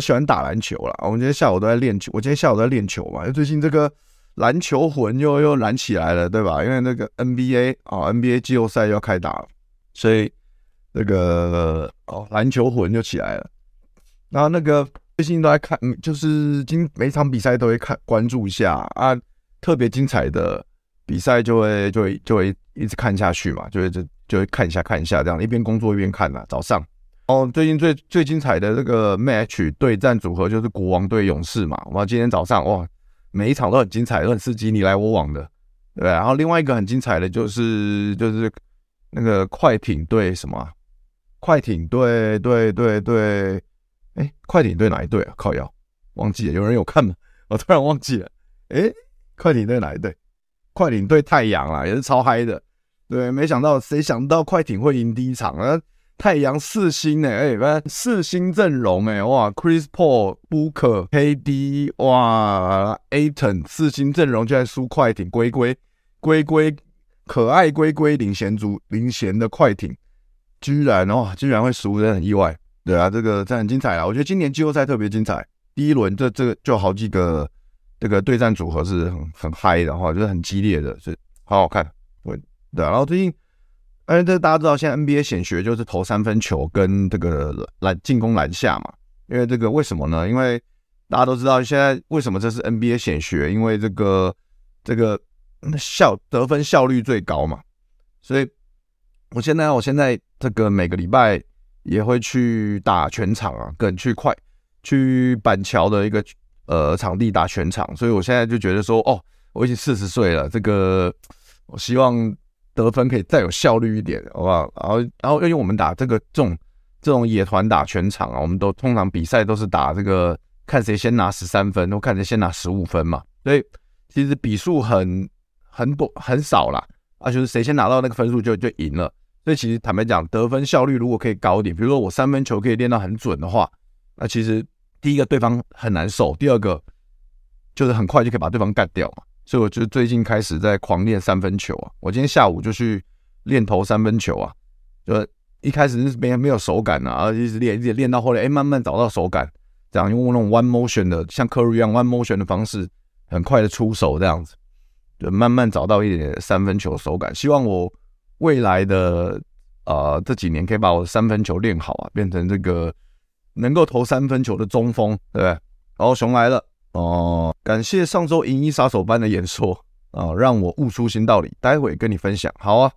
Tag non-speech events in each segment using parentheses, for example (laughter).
我喜歡打籃球了，我們今天下午都在練球。我今天下午都在練球嘛，因為最近這個籃球魂又又燃起來了，對吧？因為那個 NBA 啊、oh，NBA 季後賽要開打，所以那個哦，籃球魂就起來了。然後那個最近都在看，就是今每場比賽都會看關注一下啊，特別精彩的比賽就會就會就會一直看下去嘛，就會就就會看一下看一下這樣，一邊工作一邊看呢、啊，早上。哦，最近最最精彩的這個 match 對戰組合就是國王對勇士嘛。我們今天早上哇，每一場都很精彩，都很刺激，你來我往的，對。然後另外一個很精彩的就是就是那個快艇隊什麼？快艇隊對對對對，哎、欸，快艇隊哪一隊啊？靠腰，忘記了，有人有看嗎？我突然忘記了。哎、欸，快艇隊哪一隊？快艇隊太陽啊，也是超嗨的。對，沒想到誰想到快艇會贏第一場啊？太陽四星呢？哎、欸，反正四星陣容哎，哇，Chris Paul、Booker、KD，哇、Booker、KD，哇，Aton，四星陣容居然輸快艇，龜龜，龜龜，可愛龜龜領銜組，領銜的快艇，居然哦，居然會輸，真的很意外。對啊，這個這很精彩啊，我覺得今年季後賽特別精彩。第一輪這這個就好幾個這個對戰組合是很很嗨的，哈，就是很激烈的，是好好看。對、啊，然後最近。因為這大家知道，現在 NBA 顯學就是投三分球跟這個籃進攻籃下嘛。因為這個為什麼呢？因為大家都知道，現在為什麼這是 NBA 顯學？因為這個這個效得分效率最高嘛。所以我現在我現在這個每個禮拜也會去打全場啊，跟去快去板橋的一個呃場地打全場。所以我現在就覺得說，哦，我已經四十歲了，這個我希望。得分可以再有效率一點，好不好？然後，然後因為我們打這個這種這種野團打全場啊，我們都通常比賽都是打這個看誰先拿十三分，或看誰先拿十五分嘛。所以其實比數很很短很少啦，啊，就是誰先拿到那個分數就就贏了。所以其實坦白講，得分效率如果可以高一點，比如說我三分球可以練到很準的話，那其實第一個對方很難受，第二個就是很快就可以把對方幹掉嘛。所以我就最近開始在狂練三分球啊！我今天下午就去練投三分球啊，就一開始是沒沒有手感啊，一直練，一直練到後來，哎，慢慢找到手感，這樣用那種 one motion 的，像科瑞一樣 one motion 的方式，很快的出手這樣子，就慢慢找到一點點的三分球手感。希望我未來的啊這幾年可以把我的三分球練好啊，變成這個能夠投三分球的中鋒，對不對？然後熊來了。哦、呃，感謝上週《銀翼殺手》的演說啊、呃，讓我悟出新道理。待會跟你分享，好啊，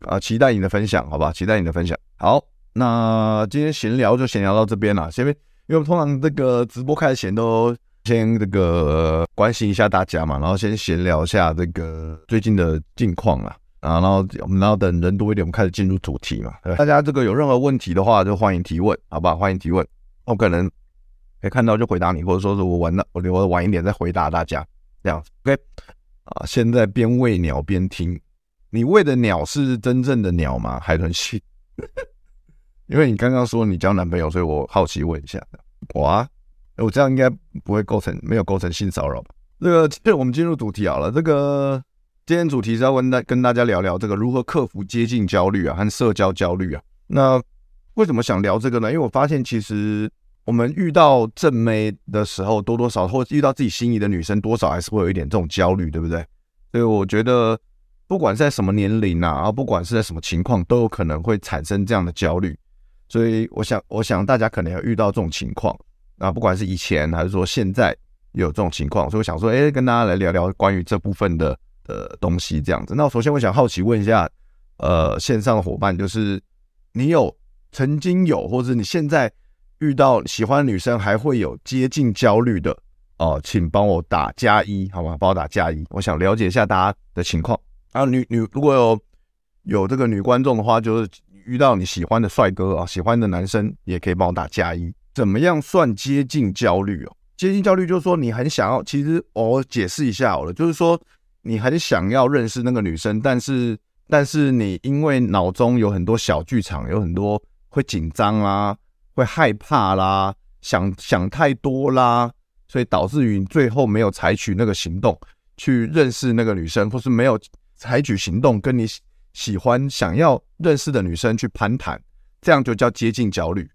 啊、呃，期待你的分享，好吧？期待你的分享。好，那今天閒聊就閒聊到這邊了、啊。先別，因為我們通常這個直播開始前都先這個關心一下大家嘛，然後先閒聊一下這個最近的近況啊，啊，然後我們然後等人多一點，我們開始進入主題嘛。大家這個有任何問題的話，就歡迎提問，好吧？歡迎提問。我、哦、可能。可以看到就回答你，或者說是我晚了，我我晚一點再回答大家這樣。OK 啊，現在邊餵鳥邊聽，你餵的鳥是真正的鳥嗎？海豚戲， (laughs) 因為你剛剛說你交男朋友，所以我好奇問一下。我啊，我這樣應該不會構成沒有構成性騷擾吧？這個，對，我們進入主題好了。這個今天主題是要跟大跟大家聊聊這個如何克服接近焦慮啊和社交焦慮啊。那為什麼想聊這個呢？因為我發現其實。我們遇到正妹的時候，多多少或是遇到自己心儀的女生，多少還是會有一點這種焦慮，對不對？所以我覺得，不管在什麼年齡啊，啊，不管是在什麼情況，都有可能會產生這樣的焦慮。所以我想，我想大家可能有遇到這種情況啊，不管是以前還是說現在有這種情況，所以我想說，哎、欸，跟大家來聊聊關於這部分的，的東西，這樣子。那首先，我想好奇問一下，呃，線上的夥伴，就是你有曾經有，或是你現在？遇到喜歡女生還會有接近焦慮的哦，呃，請幫我打加一好嗎？幫我打加一，我想了解一下大家的情況。啊，女女如果有有這個女觀眾的話，就是遇到你喜歡的帥哥啊，喜歡的男生也可以幫我打加一。怎麼樣算接近焦慮哦？接近焦慮就是說你很想要，其實我，哦，解釋一下好了，就是說你很想要認識那個女生，但是但是你因為腦中有很多小劇場，有很多會緊張啊。會害怕啦，想想太多啦，所以導致於你最後沒有採取那個行動去認識那個女生，或是沒有採取行動跟你喜歡想要認識的女生去攀談，這樣就叫接近焦慮。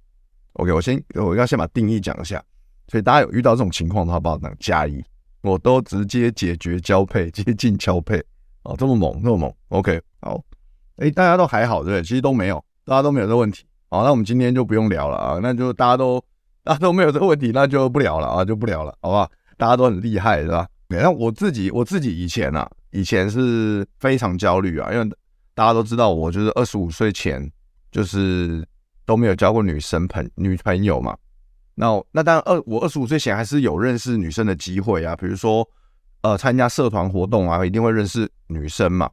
OK，我先我要先把定義講一下，所以大家有遇到這種情況的話，幫我打個加一，我都直接解決交配、接近交配。哦，這麼猛，那麼猛。OK，好，哎、欸，大家都還好對不對？其實都沒有，大家都沒有這問題。好、哦，那我們今天就不用聊了啊，那就大家都，大家都沒有這個問題，那就不聊了啊，就不聊了，好不好？大家都很厲害是吧？那我自己，我自己以前啊，以前是非常焦慮啊，因為大家都知道，我就是二十五歲前就是都沒有交過女生朋女朋友嘛。那那當然二，我二十五歲前還是有認識女生的機會啊，比如說呃參加社團活動啊，一定會認識女生嘛。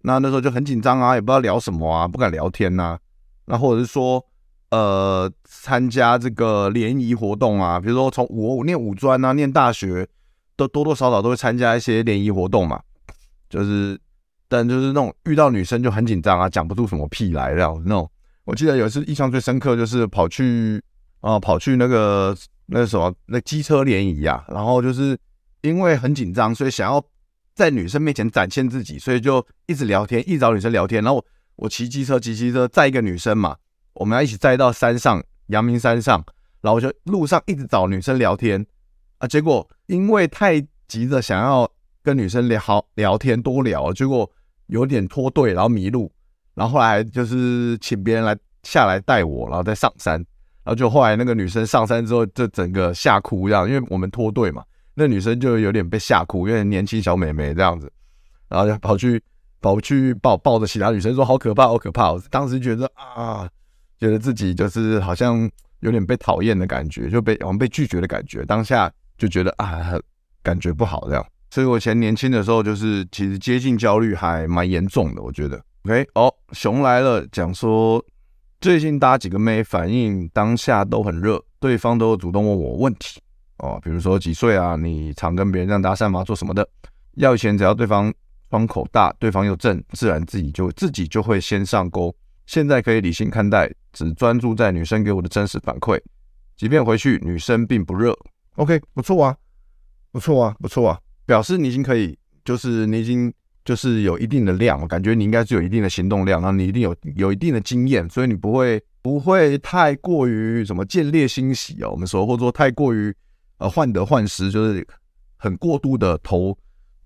那那時候就很緊張啊，也不知道聊什麼啊，不敢聊天吶、啊。那或者是說，呃，參加這個聯誼活動啊，比如說從我念五專啊，念大學，都多多少少都會參加一些聯誼活動嘛。就是，但就是那種遇到女生就很緊張啊，講不出什麼屁來了那種。我記得有一次印象最深刻，就是跑去啊、呃，跑去那個那個什麼那機車聯誼啊，然後就是因為很緊張，所以想要在女生面前展現自己，所以就一直聊天，一直找女生聊天，然後。我騎機車，騎機車載一個女生嘛，我們倆一起載到山上，陽明山上，然後就路上一直找女生聊天啊，結果因為太急着想要跟女生聊，聊天多聊，結果有點脫隊，然後迷路，然後後來就是請別人來下來帶我，然後再上山，然後就後來那個女生上山之後就整個嚇哭這樣，因為我們脫隊嘛，那女生就有點被嚇哭，有點年輕小美眉這樣子，然後就跑去。跑去抱抱着其他女生，說好可怕，好可怕！我當時覺得啊，覺得自己就是好像有點被討厭的感覺，就被好像被拒絕的感覺，當下就覺得啊，感覺不好這樣。所以我以前年輕的時候，就是其實接近焦慮還蠻嚴重的，我覺得。OK，哦，熊來了，講說最近搭幾個妹，反應當下都很熱，對方都主動問我問題哦，比如說幾歲啊，你常跟別人這樣搭訕嗎？做什麼的？要錢只要對方。窗口大，對方又正，自然自己就自己就會先上鈎。現在可以理性看待，只專注在女生給我的真實反饋。即便回去，女生並不熱。OK，不錯啊，不錯啊，不錯啊，表示你已經可以，就是你已經就是有一定的量，我感覺你應該是有一定的行動量，然後你一定有有一定的經驗，所以你不會不會太過於什麼見獵心喜哦，我們說，或者說太過於呃患得患失，就是很過度的投。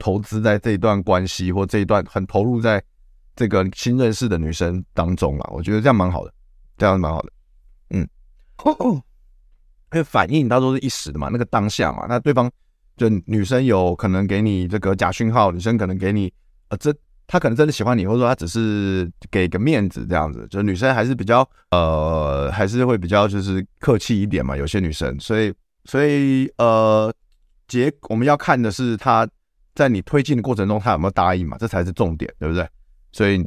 投資在這一段關係或這一段，很投入在這個新認識的女生當中了，我覺得這樣蠻好的，這樣蠻好的，嗯，因為 (laughs) 反應它都是一時的嘛，那個當下嘛，那對方就女生有可能給你這個假訊號，女生可能給你呃，真她，可能真的喜歡你，或者說她只是給個面子這樣子，就女生還是比較呃，還是會比較就是客氣一點嘛，有些女生，所以所以呃，結我們要看的是她。在你推進的過程中，他有沒有答應嘛？這才是重點，對不對？所以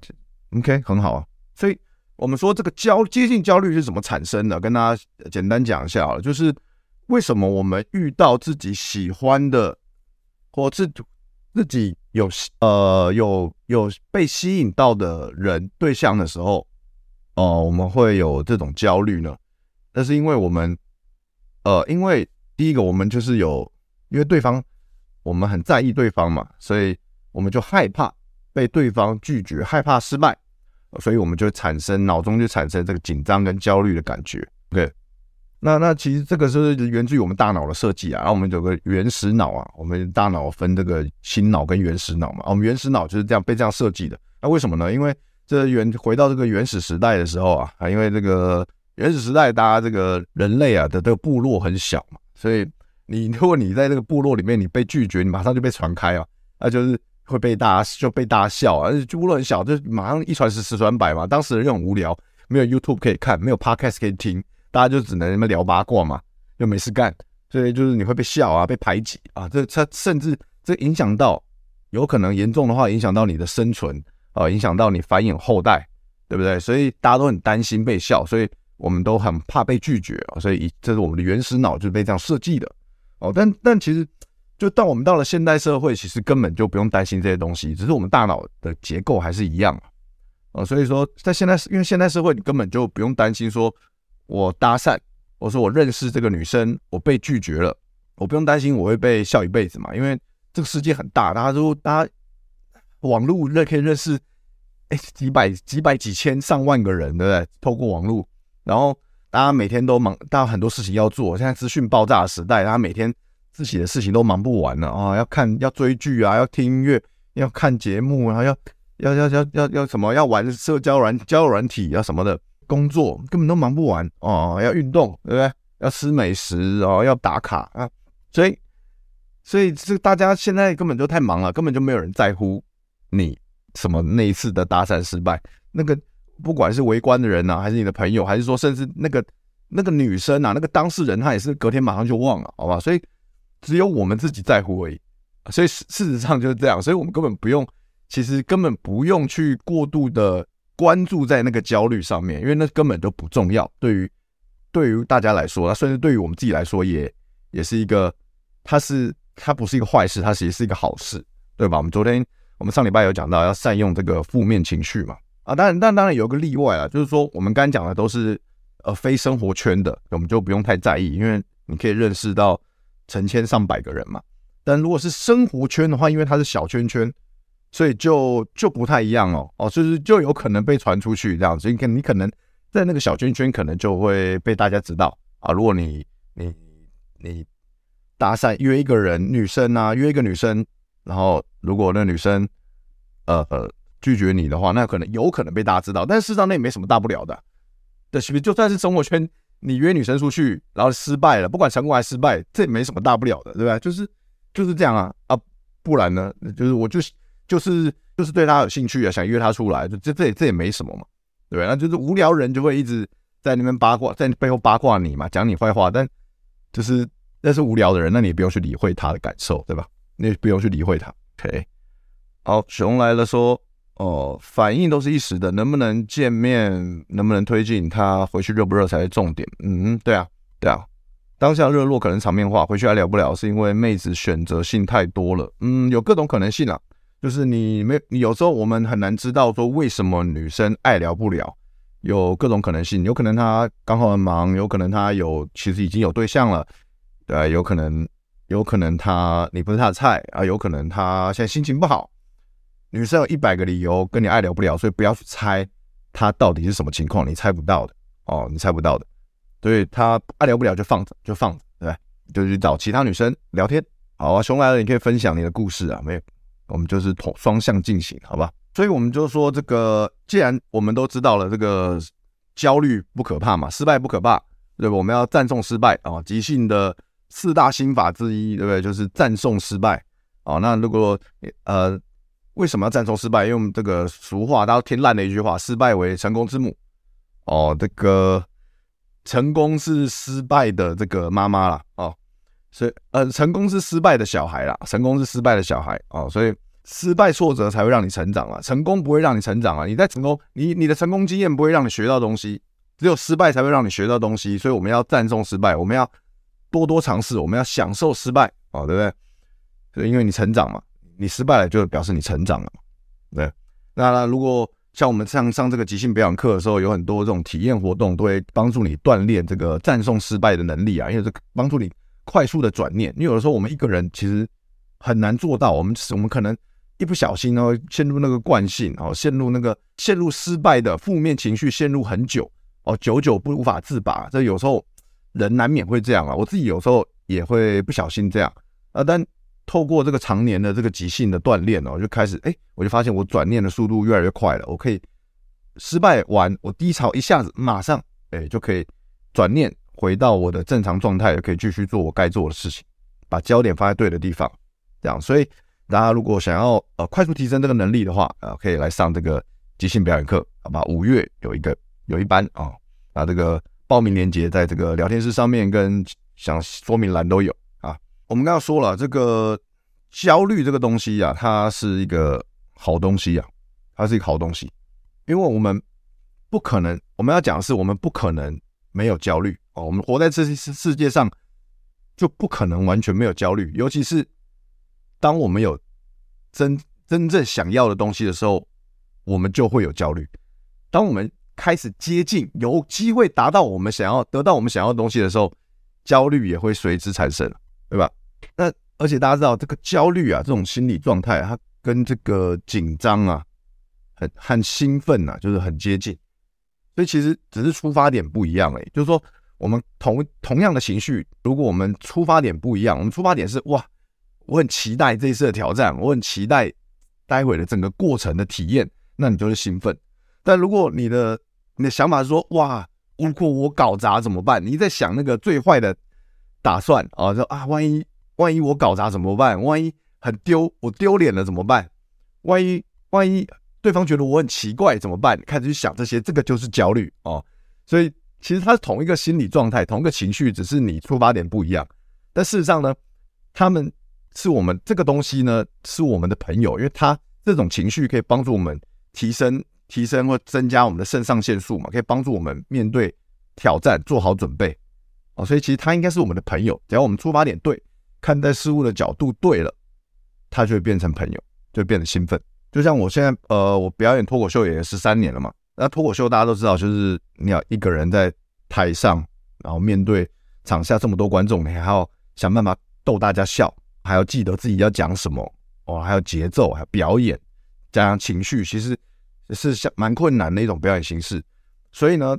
，OK，很好啊。所以我們說這個焦，接近焦慮是怎麼產生的？跟大家簡單講一下啊，就是為什麼我們遇到自己喜歡的或自自己有呃有有被吸引到的人對象的時候，哦、呃，我們會有這種焦慮呢？那是因為我們，呃，因為第一個我們就是有因為對方。我們很在意對方嘛，所以我們就害怕被對方拒絕，害怕失敗，所以我們就產生腦中就產生這個緊張跟焦慮的感覺。OK，那那其實這個是，是源自於我們大腦的設計啊，然後我們有個原始腦啊，我們大腦分這個新腦跟原始腦嘛，我們原始腦就是這樣被這樣設計的。那為什麼呢？因為這原回到這個原始時代的時候啊，啊，因為這個原始時代大家這個人類啊的這個部落很小嘛，所以。你如果你在這個部落裡面，你被拒絕，你馬上就被傳開啊，啊，那就是會被大家就被大家笑啊。而且部落很小，就馬上一傳十，十傳百嘛。當時人又很無聊，沒有 YouTube 可以看，沒有 Podcast 可以聽，大家就只能那麼聊八卦嘛，又沒事幹。所以就是你會被笑啊，被排擠啊，這他甚至這影響到，有可能嚴重的話影響到你的生存啊，影響到你繁衍後代，對不對？所以大家都很擔心被笑，所以我們都很怕被拒絕啊，所以，以這是我們的原始腦就被這樣設計的。哦，但但其實，就到我們到了現代社會，其實根本就不用擔心這些東西，只是我們大腦的結構還是一樣啊。所以說，在現在，因為現代社會，你根本就不用擔心，說我搭訕，我說我認識這個女生，我被拒絕了，我不用擔心我會被笑一輩子嘛，因為這個世界很大，大家如果大家網絡認可以認識，哎，幾百幾百幾千上萬個人對不對？透過網絡，然後。大家每天都忙，大家很多事情要做。現在資訊爆炸的時代，大家每天自己的事情都忙不完了啊、哦，要看、要追劇啊，要聽音樂，要看節目、啊，然後要、要、要、要、要、要什麼？要玩社交軟、交友軟體、啊，要什麼的？工作根本都忙不完哦，要運動，對不對？要吃美食哦，要打卡啊！所以，所以這大家現在根本就太忙了，根本就沒有人在乎你什麼那一次的搭訕失敗那個。不管是圍觀的人啊，還是你的朋友，還是說，甚至那個那個女生啊，那個當事人，她也是隔天馬上就忘了，好吧？所以只有我們自己在乎而已。所以事事實上就是這樣，所以我們根本不用，其實根本不用去過度的關注在那個焦慮上面，因為那根本都不重要。對於對於大家來說，啊，甚至對於我們自己來說，也也是一個，它是它不是一個壞事，它其實是一個好事，對吧？我們昨天我們上禮拜有講到，要善用這個負面情緒嘛。啊，當然，但當然有個例外啊，就是說我們剛剛講的都是呃非生活圈的，我們就不用太在意，因為你可以認識到成千上百個人嘛。但如果是生活圈的話，因為它是小圈圈，所以就就不太一樣哦哦，就是就有可能被傳出去這樣子。你看，你可能在那個小圈圈，可能就會被大家知道啊。如果你你你搭訕約一個人女生啊，約一個女生，然後如果那女生呃。拒絕你的話，那可能有可能被大家知道，但是事實上那也沒什麼大不了的。對，是不是就算是生活圈，你約女生出去，然後失敗了，不管成功還是失敗，這也沒什麼大不了的，對吧？就是就是這樣啊啊，不然呢？就是我就就是就是對他有興趣啊，想約他出來，就這這也，這也沒什麼嘛，對不對？那就是無聊人就會一直在那邊八卦，在背後八卦你嘛，講你壞話，但就是那是無聊的人，那你也不用去理會他的感受，對吧？你也不用去理會他。OK，好，熊來了說。哦、呃，反應都是一時的，能不能見面，能不能推進，她回去熱不熱才是重點。嗯，對啊，對啊，當下熱絡可能場面話，回去還聊不了，是因為妹子選擇性太多了。嗯，有各種可能性啊，就是你沒，有有時候我們很難知道說，為什麼女生愛聊不聊，有各種可能性，有可能她剛好很忙，有可能她有其實已經有對象了，對、啊，有可能，有可能她你不是她的菜啊，有可能她現在心情不好。女生有一百個理由跟你愛聊不聊，所以不要去猜，她到底是什麼情況，你猜不到的哦，你猜不到的。對，所以她愛聊不聊就放着就放着，對吧？就去找其他女生聊天。好啊，熊來了，你可以分享你的故事啊，沒有，我們就是同雙向進行，好吧？所以我們就說這個，既然我們都知道了，這個焦慮不可怕嘛，失敗不可怕，對吧？我們要讚頌失敗啊、哦！即興的四大心法之一，對不對？就是讚頌失敗啊、哦。那如果呃。為什麼要贊頌失敗？因為這個俗話，大家都聽爛的一句話：“失敗為成功之母。”哦，這個成功是失敗的這個媽媽啦。哦，所以呃，成功是失敗的小孩啦，成功是失敗的小孩啊，哦，所以失敗挫折才會讓你成長啊，成功不會讓你成長啊。你在成功，你你的成功經驗不會讓你學到東西，只有失敗才會讓你學到東西。所以我們要贊頌失敗，我們要多多嘗試，我們要享受失敗哦，對不對？所以因為你成長嘛。你失敗了，就表示你成長了，對。那如果像我們上上這個即興表演課的時候，有很多這種體驗活動，都會幫助你鍛鍊這個讚頌失敗的能力啊，因為這幫助你快速的轉念。因為有的時候我們一個人其實很難做到，我們我們可能一不小心哦，陷入那個慣性哦，陷入那個陷入失敗的負面情緒，陷入很久哦，久久不無法自拔。這有時候人難免會這樣啊，我自己有時候也會不小心這樣啊，但。透過這個常年的這個即興的鍛鍊哦，我就開始哎、欸，我就發現我轉念的速度越來越快了。我可以失敗完，我低潮一下子馬上哎、欸，就可以轉念回到我的正常狀態，可以繼續做我該做的事情，把焦點放在對的地方。這樣，所以大家如果想要呃快速提升這個能力的話啊，可以來上這個即興表演課，好吧？五月有一個有一班啊，這個報名鏈接在這個聊天室上面跟想說明欄都有。我們剛剛說了，這個焦慮這個東西啊，它是一個好東西啊，它是一個好東西，因為我們不可能，我們要講的是，我們不可能沒有焦慮哦。我們活在這些世世界上，就不可能完全沒有焦慮。尤其是當我們有真真正想要的東西的時候，我們就會有焦慮。當我們開始接近，有機會達到我們想要，得到我們想要的東西的時候，焦慮也會隨之產生，對吧？那而且大家知道，這個焦慮啊，這種心理狀態，它跟這個緊張啊，很和興奮吶，就是很接近。所以其實只是出發點不一樣哎、欸，就是說我們同同樣的情緒，如果我們出發點不一樣，我們出發點是哇，我很期待這一次的挑戰，我很期待待會的整個過程的體驗，那你就是興奮。但如果你的你的想法是說哇，如果我搞砸怎麼辦？你在想那個最壞的打算啊，說啊，萬一。萬一我搞砸怎麼辦？萬一很丟，我丟臉了怎麼辦？萬一萬一對方覺得我很奇怪怎麼辦？開始去想這些，這個就是焦慮哦。所以其實他是同一個心理狀態，同一個情緒，只是你出發點不一樣。但事實上呢，他們是我們這個東西呢，是我們的朋友，因為他這種情緒可以幫助我們提升、提升或增加我們的腎上腺素嘛，可以幫助我們面對挑戰做好準備哦，所以其實他應該是我們的朋友，只要我們出發點對。看待事物的角度對了，他就會變成朋友，就變得興奮。就像我現在，呃，我表演脫口秀也是十三年了嘛。那脫口秀大家都知道，就是你要一個人在台上，然後面對場下這麼多觀眾，你還要想辦法逗大家笑，還要記得自己要講什麼哦，還有節奏，還有表演，加上情緒，其實是像蠻困難的一種表演形式。所以呢，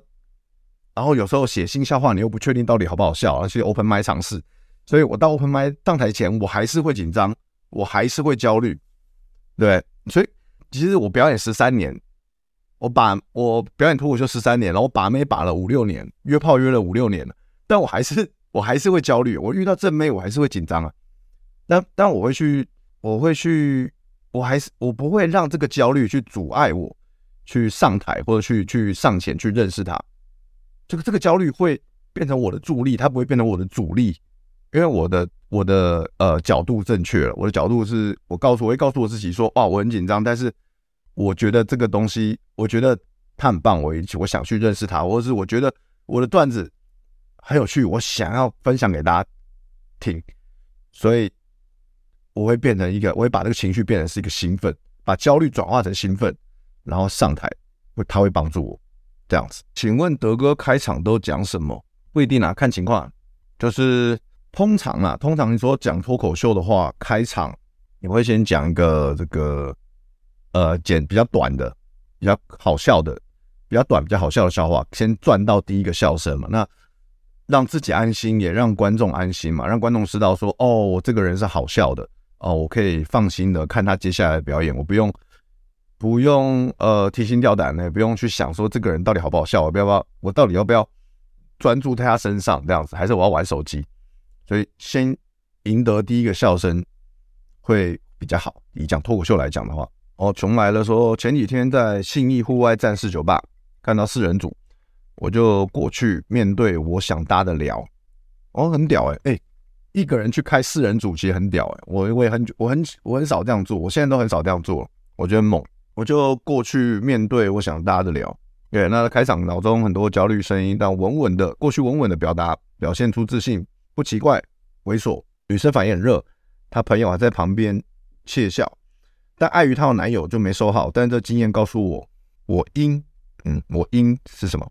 然後有時候寫新笑話，你又不確定到底好不好笑，而且 open mic 嘗試。所以，我到 open mic 上台前，我還是會緊張，我還是會焦慮，對。所以，其實我表演十三年，我把我表演脫口秀十三年，然後我把妹把了五六年，約炮約了五六年了，但我還是我還是會焦慮，我遇到正妹我還是會緊張啊。但但我會去，我會去，我還是我不會讓這個焦慮去阻礙我去上台或者去去上前去認識他。這個這個焦慮會變成我的助力，它不會變成我的阻力。因為我的我的呃角度正確了，我的角度是，我告訴我會告訴我自己說，哇，我很緊張，但是我覺得這個東西，我覺得他很棒，我一起我想去認識他，或者是我覺得我的段子很有趣，我想要分享給大家聽，所以我會變成一個，我會把這個情緒變成是一個興奮，把焦慮轉化成興奮，然後上台，會他會幫助我這樣子。請問德哥開場都講什麼？不一定啊，看情況，就是。通常啊，通常你說講脫口秀的話，開場你會先講一個這個呃剪比較短的、比較好笑的、比較短比較好笑的笑話，先賺到第一個笑聲嘛，那讓自己安心，也讓觀眾安心嘛，讓觀眾知道說哦，我這個人是好笑的哦，我可以放心的看他接下來的表演，我不用不用呃提心吊膽的，也不用去想說這個人到底好不好笑，我不要不要，我到底要不要專注在他身上這樣子，還是我要玩手機？所以先贏得第一個笑聲會比較好，以講脫口秀來講的話，哦，瓊來了說，說前幾天在信義戶外戰士酒吧看到四人組，我就過去面對我想搭的聊。哦，很屌哎、欸、哎、欸，一個人去開四人組其實很屌哎、欸。我我也很我很我很少這樣做，我現在都很少這樣做，我覺得猛。我就過去面對我想搭的聊。對、yeah,，那開場腦中很多焦慮聲音，但穩穩的過去，穩穩的表達，表現出自信。不奇怪，猥瑣女生反應很熱，她朋友還在旁邊竊笑，但礙於她的男友就沒收好。但這經驗告訴我，我應，嗯，我應是什麼？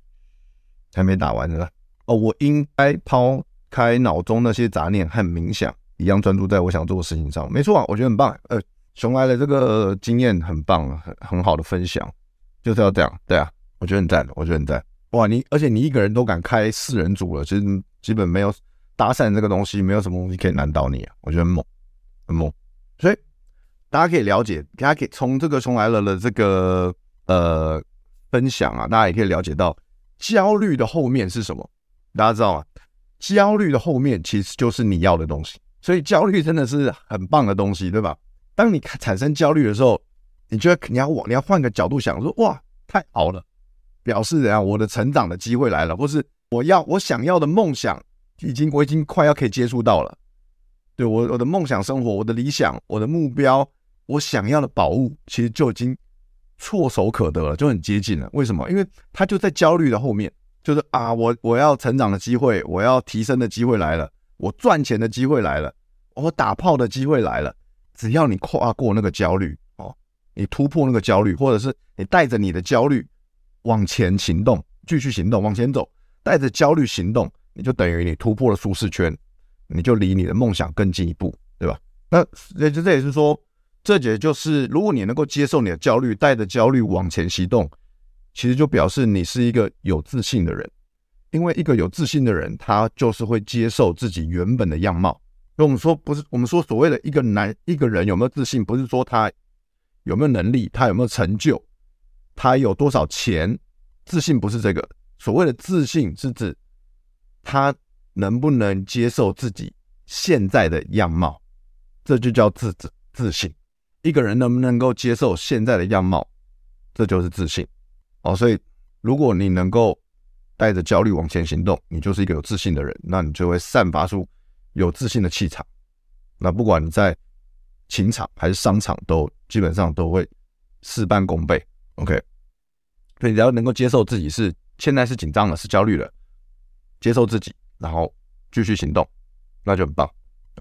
還沒打完呢。哦，我應該拋開腦中那些雜念，和冥想一樣專注在我想做的事情上。沒錯啊，我覺得很棒。呃，熊來的這個經驗很棒，很很好的分享，就是要這樣。對啊，我覺得很讚，我覺得很讚。哇，你，而且你一個人都敢開四人組了，其實基本沒有。搭訕這個東西沒有什麼東西可以難倒你啊，我覺得很猛很猛，所以大家可以了解，大家可以從這，這個從來了的這個呃分享啊，大家也可以了解到焦慮的後面是什麼。大家知道嗎、啊？焦慮的後面其實就是你要的東西，所以焦慮真的是很棒的東西，對吧？當你產生焦慮的時候，你覺得你要往你要換個角度想，說哇太好了，表示怎樣？我的成長的機會來了，或是我要我想要的夢想。已經，我已經快要可以接觸到了。對我，我的夢想生活，我的理想，我的目標，我想要的寶物，其實就已經觸手可得了，就很接近了。為什麼？因為他就在焦慮的後面，就是啊，我我要成長的機會，我要提升的機會來了，我賺錢的機會來了，我打炮的機會來了。只要你跨過那個焦慮哦，你突破那個焦慮，或者是你帶着你的焦慮往前行動，繼續行動往前走，帶着焦慮行動。你就等於你突破了舒適圈，你就離你的夢想更近一步，對吧？那這這也就是說，這也就是，如果你能夠接受你的焦慮，帶着焦慮往前行動，其實就表示你是一個有自信的人。因為一個有自信的人，他就是會接受自己原本的樣貌。那我們說不是，我們說所謂的一個男一個人有沒有自信，不是說他有沒有能力，他有沒有成就，他有多少錢，自信不是這個。所謂的自信是指。他能不能接受自己現在的樣貌，這就叫自自自信。一個人能不能夠接受現在的樣貌，這就是自信。哦，所以如果你能夠帶着焦慮往前行動，你就是一個有自信的人，那你就會散發出有自信的氣場。那不管你在情場還是商場都，都基本上都會事半功倍。OK，對，你要能夠接受自己是，現在是緊張了，是焦慮了。接受自己，然後繼續行動，那就很棒。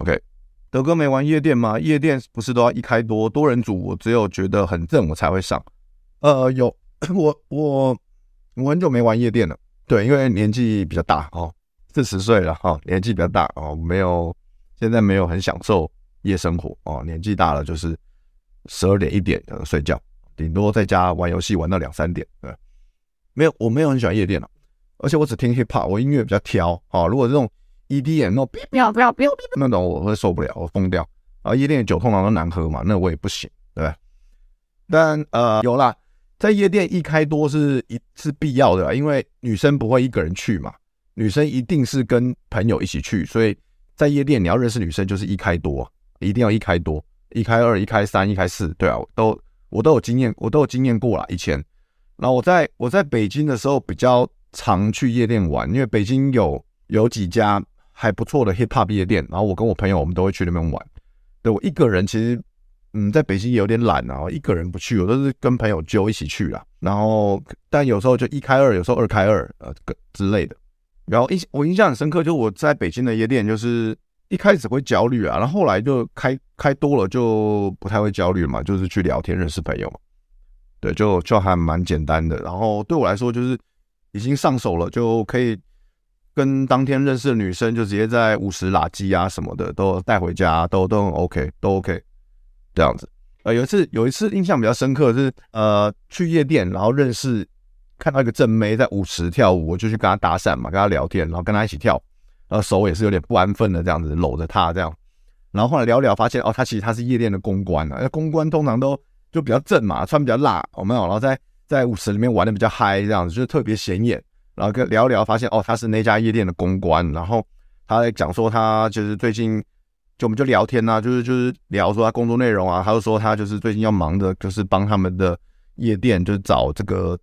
OK，德哥沒玩夜店嗎？夜店不是都要一開多多人組？我只有覺得很正我才會上。呃，有我我我很久沒玩夜店了。對，因為年紀比較大哦，四十歲了哈、哦，年紀比較大哦，沒有現在沒有很享受夜生活哦，年紀大了就是十二點一點要睡覺，頂多在家玩遊戲玩到兩三點。對，沒有我沒有很喜歡夜店了。而且我只聽 hip hop，我音樂比較挑啊。如果這種 EDM，那不要不要不要那種叮叮，那種我會受不了，我瘋掉啊！夜店的酒通常都難喝嘛，那個、我也不行，對吧？但呃，有啦，在夜店一開多是一是必要的啦，因為女生不會一個人去嘛，女生一定是跟朋友一起去，所以在夜店你要認識女生就是一開多、啊，一定要一開多，一開二，一開三，一開四，對啊，我都我都有經驗，我都有經驗過啦。以前。那我在我在北京的時候比較常去夜店玩，因為北京有有幾家還不錯的 hip hop 夜店，然後我跟我朋友我們都會去那邊玩。對，我一個人其實嗯，在北京也有點懶，然後一個人不去，我都是跟朋友揪一起去啦。然後但有時候就一開二，有時候二開二，呃，個，之類的。然後印我印象很深刻，就我在北京的夜店，就是一開始會焦慮啊，然後後來就開開多了，就不太會焦慮嘛，就是去聊天認識朋友嘛。對，就就還蠻簡單的。然後對我來說就是。已經上手了，就可以跟當天認識的女生，就直接在舞池拉機啊什麼的都帶回家啊，都都很 OK，都 OK 這樣子。呃，有一次有一次印象比較深刻的是，呃，去夜店，然後認識看到一個正妹在舞池跳舞，我就去跟她搭訕嘛，跟她聊天，然後跟她一起跳，然後手也是有點不安分的這樣子摟着她這樣，然後後來聊聊發現哦，她其實她是夜店的公關啊，公關通常都就比較正嘛，穿比較辣，我們然後在。在舞池裡面玩的比較嗨，這樣子就是特別顯眼。然後跟聊一聊，發現哦，他是那家夜店的公關。然後他在講說，他就是最近就我們就聊天吶、啊，就是就是聊說他工作內容啊。他就說他就是最近要忙着，就是幫他們的夜店，就是找這個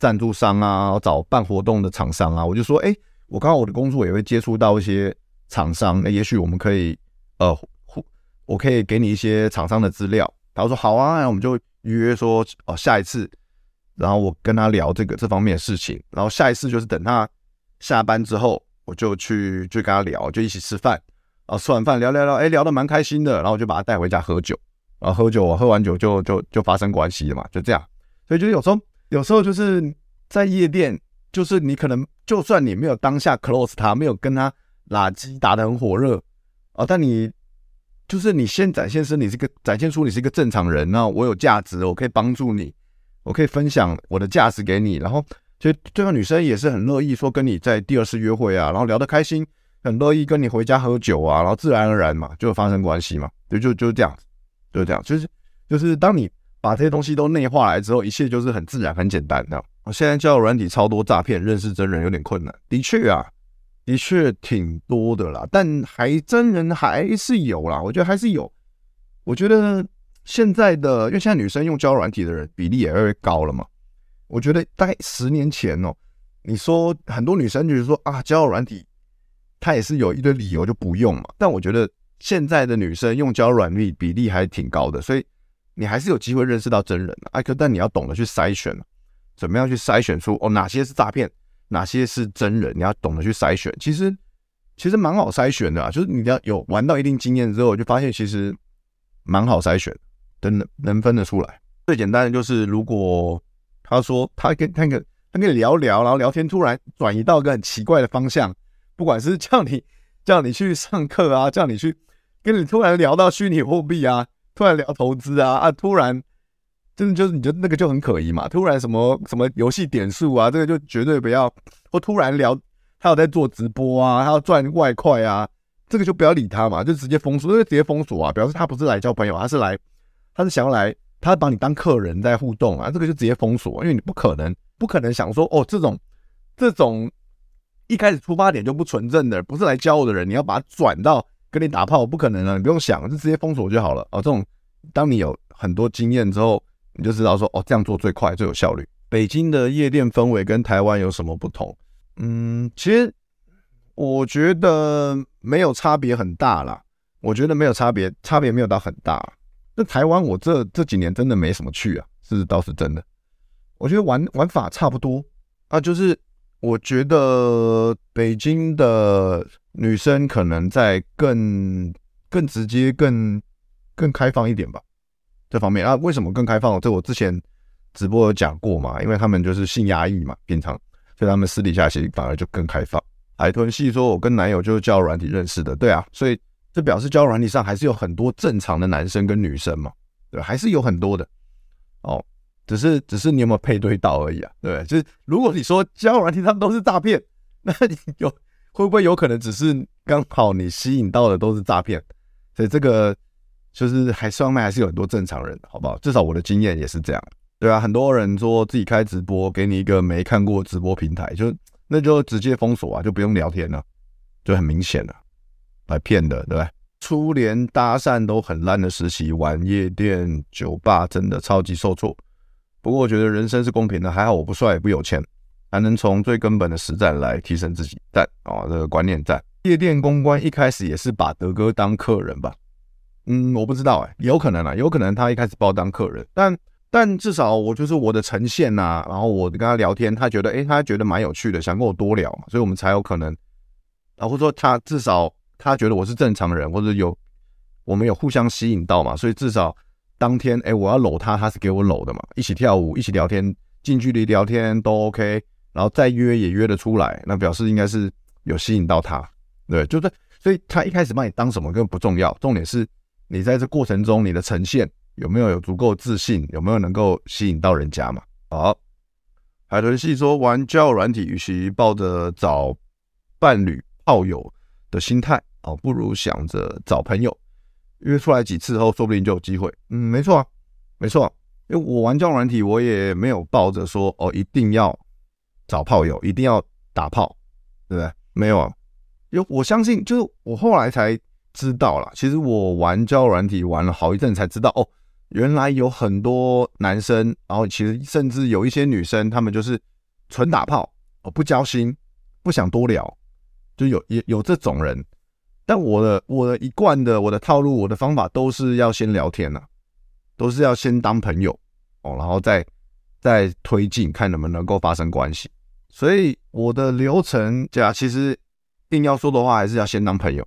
贊助商啊，找辦活動的廠商啊。我就說，哎、欸，我剛好我的工作也會接觸到一些廠商，那、欸、也許我們可以呃互，我可以給你一些廠商的資料。他說好啊，那我們就約說哦，下一次。然後我跟他聊這個這方面的事情，然後下一次就是等他下班之後，我就去就跟他聊，就一起吃飯，然後吃完飯聊聊聊，哎，聊得蠻開心的，然後我就把他帶回家喝酒，然後喝酒，喝完酒就就就發生關係了嘛，就這樣。所以就是有時候有時候就是在夜店，就是你可能就算你沒有當下 close 他，沒有跟他垃圾打得很火熱啊、哦，但你就是你先展現是，你是個展現出你是一個正常人，那我有價值，我可以幫助你。我可以分享我的價值給你，然後其實對方女生也是很樂意說跟你在第二次約會啊，然後聊得開心，很樂意跟你回家喝酒啊，然後自然而然嘛就有發生關係嘛，對，就這樣子就這樣，就是這樣，就是就是當你把這些東西都內化來之後，一切就是很自然、很簡單的。我現在交友軟體超多詐騙，認識真人有點困難。的確啊，的確挺多的啦，但還真人還是有啦，我覺得還是有，我覺得。現在的，因為現在女生用交友軟體的人比例也越來越高了嘛。我覺得大概十年前哦，你說很多女生就是說啊，交友軟體，她也是有一堆理由就不用嘛。但我覺得現在的女生用交友軟體比例還挺高的，所以你還是有機會認識到真人克。啊、但你要懂得去篩選，怎麼樣去篩選出哦哪些是詐騙，哪些是真人？你要懂得去篩選。其實其實蠻好篩選的啊，就是你要有玩到一定經驗之後，就發現其實蠻好篩選的。能能分得出來，最簡單的就是，如果他說他跟他跟他跟你聊聊，然後聊天突然轉移到一個很奇怪的方向，不管是叫你叫你去上課啊，叫你去跟你突然聊到虛擬貨幣啊，突然聊投資啊啊，突然真的就是你就那個就很可疑嘛。突然什麼什麼遊戲點數啊，這個就絕對不要。或突然聊他有在做直播啊，他要賺外快啊，這個就不要理他嘛，就直接封鎖，因為直接封鎖啊，表示他不是來交朋友，他是來。他是想要來，他把你當客人在互動啊，這個就直接封鎖啊，因為你不可能不可能想說哦，這種這種一開始出發點就不純正的，不是來教我的人，你要把他轉到跟你打炮，不可能啊，你不用想，就直接封鎖就好了哦，這種當你有很多經驗之後，你就知道說哦，這樣做最快最有效率。北京的夜店氛圍跟台灣有什麼不同？嗯，其實我覺得沒有差別很大啦，我覺得沒有差別，差別沒有到很大。那台灣，我這這幾年真的沒什麼去啊，是倒是真的。我覺得玩玩法差不多啊，就是我覺得北京的女生可能在更更直接、更更開放一點吧。這方面啊，為什麼更開放？這我之前直播有講過嘛，因為他們就是性壓抑嘛，平常所以他們私底下其實反而就更開放。海豚戲說，我跟男友就是叫軟體認識的，對啊，所以。這表示交友軟體上還是有很多正常的男生跟女生嘛？對，還是有很多的哦，只是只是你有沒有配對到而已啊？對，就是如果你說交友軟體上都是詐騙，那你有會不會有可能只是剛好你吸引到的都是詐騙？所以這個就是還算蠻還是有很多正常人，好不好？至少我的經驗也是這樣，對啊，很多人說自己開直播，給你一個沒看過直播平台，就那就直接封鎖啊，就不用聊天了啊，就很明顯了啊。來騙的，對不對？初連搭訕都很爛的時期，玩夜店酒吧真的超級受挫。不過我覺得人生是公平的，還好我不帥也不有錢，還能從最根本的實戰來提升自己。但啊、哦，這個觀念在。夜店公關一開始也是把德哥當客人吧？嗯，我不知道哎、欸，有可能啊，有可能他一開始把我當客人。但但至少我就是我的呈現吶、啊，然後我跟他聊天，他覺得誒，他覺得蠻有趣的，想跟我多聊嘛，所以我們才有可能。然後說他至少。他覺得我是正常人，或者有我們有互相吸引到嘛，所以至少當天，哎、欸，我要摟他，他是給我摟的嘛，一起跳舞，一起聊天，近距離聊天都 OK，然後再約也約得出來，那表示應該是有吸引到他，對，就這，所以他一開始把你當什麼根本不重要，重點是你在這過程中你的呈現有沒有有足夠自信，有沒有能夠吸引到人家嘛？好，海豚戲說玩交友軟體，與其抱着找伴侶炮友，的心態哦，不如想着找朋友約出來幾次後，說不定就有機會。嗯，沒錯啊，沒錯啊，因為我玩交友軟體，我也沒有抱着說哦，一定要找炮友，一定要打炮，對不對？沒有啊，因為我相信，就是我後來才知道啦，其實我玩交友軟體玩了好一陣才知道，哦，原來有很多男生，然後，哦，其實甚至有一些女生，他們就是純打炮，哦，不交心，不想多聊。就有也有這種人，但我的我的一貫的我的套路我的方法都是要先聊天呢，啊，都是要先當朋友哦，然後再再推進，看能不能夠發生關係。所以我的流程，假，其實硬要說的話，還是要先當朋友，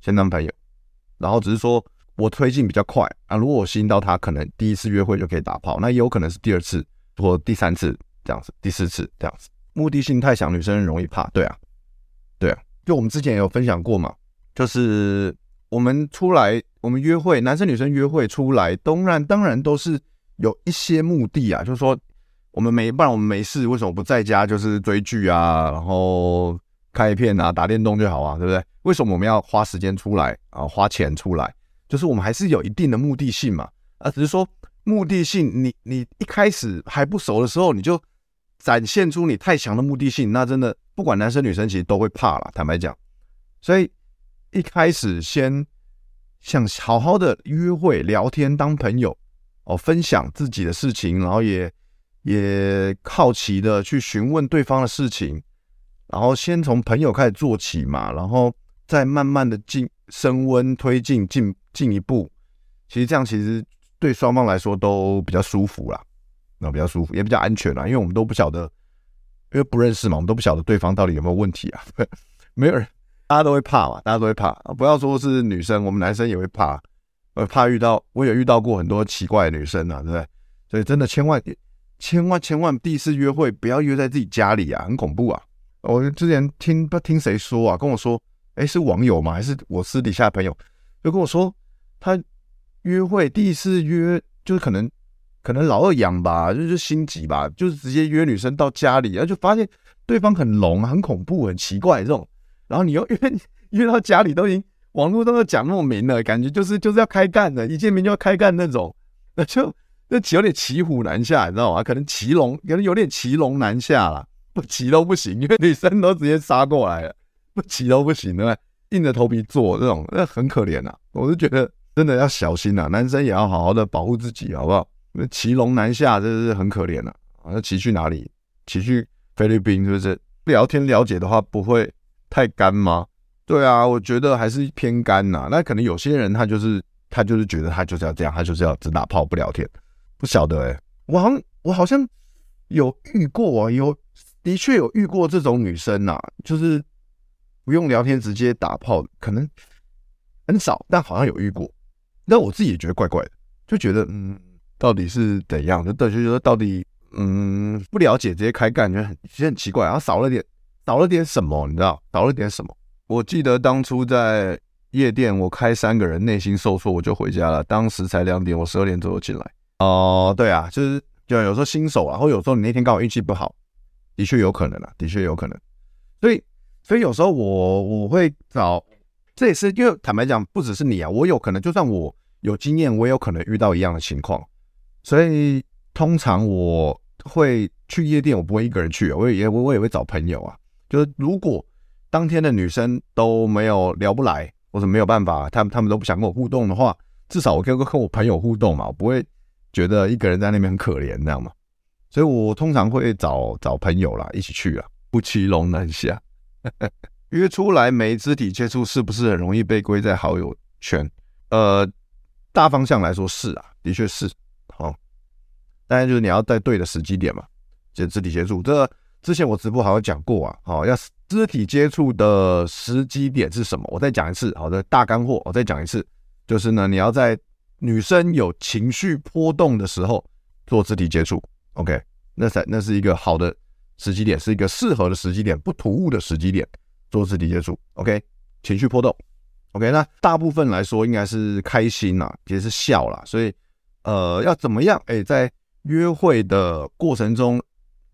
先當朋友，然後只是說我推進比較快啊。如果我吸引到他，可能第一次約會就可以打炮，那也有可能是第二次或者第三次這樣子，第四次這樣子。目的性太強，女生很容易怕，對啊。就我們之前也有分享過嘛，就是我們出來，我們約會，男生女生約會出來，當然當然都是有一些目的啊，就是說我們沒辦，我們沒事，為什麼不在家就是追劇啊，然後看片啊，打電動就好啊，對不對？為什麼我們要花時間出來啊，花錢出來？就是我們還是有一定的目的性嘛，啊，只是說目的性，你你一開始還不熟的時候，你就展現出你太強的目的性，那真的。不管男生女生，其實都會怕了。坦白講，所以一開始先想好好的約會、聊天、當朋友，哦，分享自己的事情，然後也也好奇的去詢問對方的事情，然後先從朋友開始做起嘛，然後再慢慢的進升溫、推進、進進一步。其實這樣其實對雙方來說都比較舒服啦，那比較舒服，也比較安全啦，因為我們都不曉得。因為不認識嘛，我們都不曉得對方到底有沒有問題啊。沒有人，大家都會怕嘛，大家都會怕。不要說是女生，我們男生也會怕。呃，怕遇到，我有遇到過很多奇怪的女生啊，對不對？所以真的千萬、千萬、千萬，第一次約會不要約在自己家裡啊，很恐怖啊。我之前聽不聽誰說啊？跟我說，哎，是網友嗎，還是我私底下的朋友，就跟我說，他約會第一次約就是可能。可能老二養吧，就是心急吧，就是直接約女生到家裡，然後就發現對方很聾、很恐怖、很奇怪這種。然後你又約約到家裡，都已經網路上都講那麼明了，感覺就是就是要開幹的，一見面就要開幹那種。那就那有點騎虎難下，你知道嗎？可能騎龍，可能有點騎龍難下啦，不騎都不行，因為女生都直接殺過來了，不騎都不行，對吧？硬着頭皮做這種，那很可憐啊。我就覺得真的要小心啊，男生也要好好的保護自己，好不好？那騎龍南下真是很可憐啊。啊！那騎去哪裡？騎去菲律賓是不是？不聊天了解的話，不會太乾嗎？對啊，我覺得還是偏乾吶、啊。那可能有些人他就是他就是覺得他就是要這樣，他就是要只打炮不聊天，不曉得哎、欸。我好像我好像有遇過啊，有的確有遇過這種女生啊，就是不用聊天直接打炮，可能很少，但好像有遇過。但我自己也覺得怪怪的，就覺得嗯。到底是怎樣？就到，就是說到底，嗯，不了解，直接開幹，覺得很其實很奇怪，然後少了點，少了點什麼，你知道？少了點什麼？我記得當初在夜店，我開三個人，內心受挫，我就回家了。當時才兩點，我十二點左右進來。哦、呃，對啊，就是就有時候新手啊，或有時候你那天剛好運氣不好，的確有可能啊，的確有可能。所以，所以有時候我我會找，這也是因為坦白講，不只是你啊，我有可能就算我有經驗，我也有可能遇到一樣的情況。所以通常我會去夜店，我不會一個人去，我也我我也會找朋友啊。就是如果當天的女生都沒有聊不來，或者沒有辦法，他們她們都不想跟我互動的話，至少我可以跟跟跟我朋友互動嘛，我不會覺得一個人在那邊很可憐這樣嘛。所以我通常會找找朋友啦，一起去啊，不騎龍難下。約 (laughs) 出來沒肢體接觸，是不是很容易被歸在好友圈？呃，大方向來說是啊，的確是。好，當然、哦、就是你要在對的時機點嘛，就肢體接觸。這個、之前我直播好像講過啊，好、哦，要肢體接觸的時機點是什麼？我再講一次，好的大乾貨，我再講一次，就是呢，你要在女生有情緒波動的時候做肢體接觸，OK？那才那是一個好的時機點，是一個適合的時機點，不突兀的時機點做肢體接觸，OK？情緒波動，OK？那大部分來說應該是開心啦，其實是笑啦，所以。呃，要怎麼樣？哎，在約會的過程中，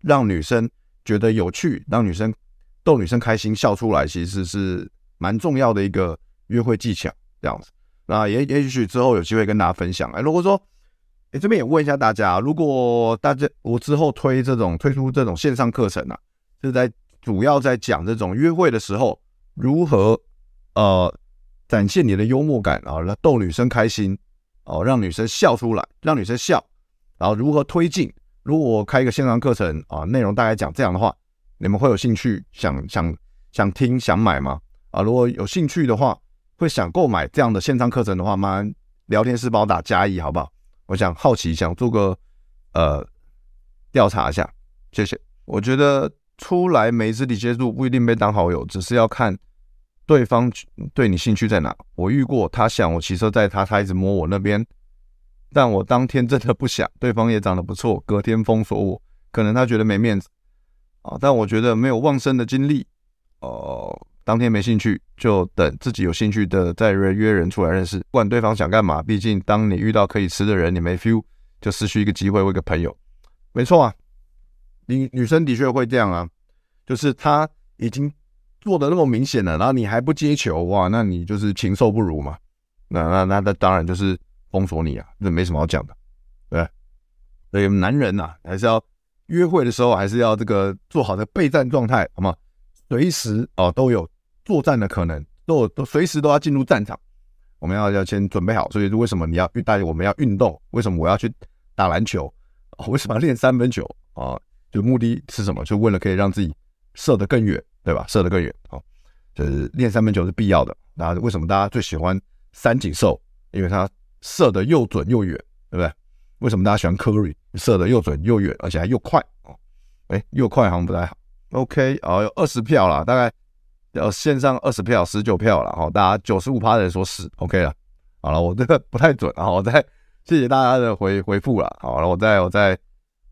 讓女生覺得有趣，讓女生逗女生開心笑出來，其實是蠻重要的一個約會技巧。這樣子，那也也許之後有機會跟大家分享。哎，如果說，哎，這邊也問一下大家，如果大家我之後推這種推出這種線上課程呢、啊，是在主要在講這種約會的時候，如何呃展現你的幽默感，然後，啊，逗女生開心。哦，讓女生笑出來，讓女生笑，然後如何推進？如果我開一個線上課程啊，內容大概講這樣的話，你們會有興趣想想想，想聽想買嗎？啊，如果有興趣的話，會想購買這樣的線上課程的話，麻煩聊天室幫我打加一，好不好？我想好奇，想做個呃調查一下，謝謝。我覺得出來沒肢體接觸不一定被當好友，只是要看。對方對你興趣在哪？我遇過他想我騎車載他，他一直摸我那邊，但我當天真的不想。對方也長得不錯，隔天封鎖我，可能他覺得沒面子啊、哦。但我覺得沒有旺盛的精力，哦、呃，當天沒興趣，就等自己有興趣的再約約人出來認識。不管對方想幹嘛，畢竟當你遇到可以吃的人，你沒 feel 就失去一個機會或一個朋友。沒錯啊，女女生的確會這樣啊，就是他已經。做的那麼明顯了、啊，然後你還不接球哇？那你就是禽獸不如嘛！那那那那當然就是封鎖你啊！這沒什麼好講的，對。所以男人吶、啊，還是要約會的時候還是要這個做好的備戰狀態，好嗎？隨時哦都有作戰的可能，都有都隨時都要進入戰場。我們要要先準備好。所以為什麼你要帶，大我們要運動，為什麼我要去打籃球、哦、為什麼要練三分球啊、哦？就目的是什麼？就為了可以讓自己射得更遠。對吧？射得更遠哦，就是練三分球是必要的。那為什麼大家最喜歡三井壽？因為他射得又準又遠，對不對？為什麼大家喜歡科瑞？射得又準又遠，而且還又快哦。哎、欸，又快好像不太好。OK，啊，有二十票了，大概呃，線上二十票，十九票了。哦，大家九十五趴的人說是 OK 了。好了，我這個不太準啊。我再謝謝大家的回回復了。好了，我再我再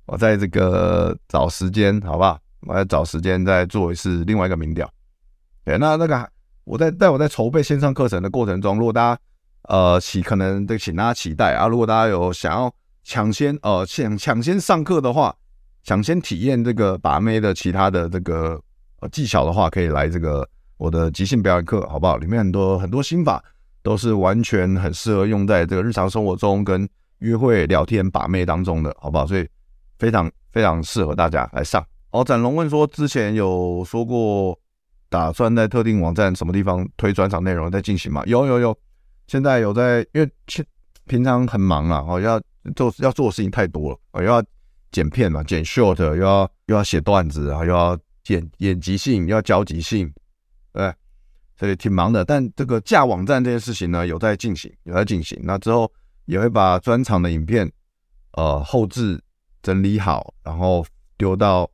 我再這個找時間，好不好？我要找時間再做一次另外一個民調。對，那那個我在待我在籌備線上課程的過程中，如果大家呃期可能這個請大家期待啊，如果大家有想要搶先呃搶搶先上課的話，搶先體驗這個把妹的其他的這個呃技巧的話，可以來這個我的即興表演課，好不好？裡面很多很多心法都是完全很適合用在這個日常生活中跟約會聊天把妹當中的，好不好？所以非常非常適合大家來上。哦，展龍問說：“之前有說過，打算在特定網站什麼地方推專場內容在進行嗎？有有有，現在有在，因為平平常很忙啊，哦，要做要做的事情太多了，哦，又要剪片嘛，剪 short，又要又要寫段子，啊，又要剪演演即興，要教即興，哎，所以挺忙的。但這個架網站這件事情呢，有在進行，有在進行。那之後也會把專場的影片，呃，後製整理好，然後丟到。”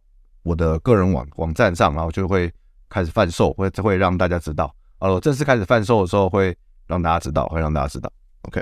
我的個人網網站上，啊，然後就會開始販售，會會讓大家知道。好，我正式開始販售的時候，會讓大家知道，會讓大家知道。OK。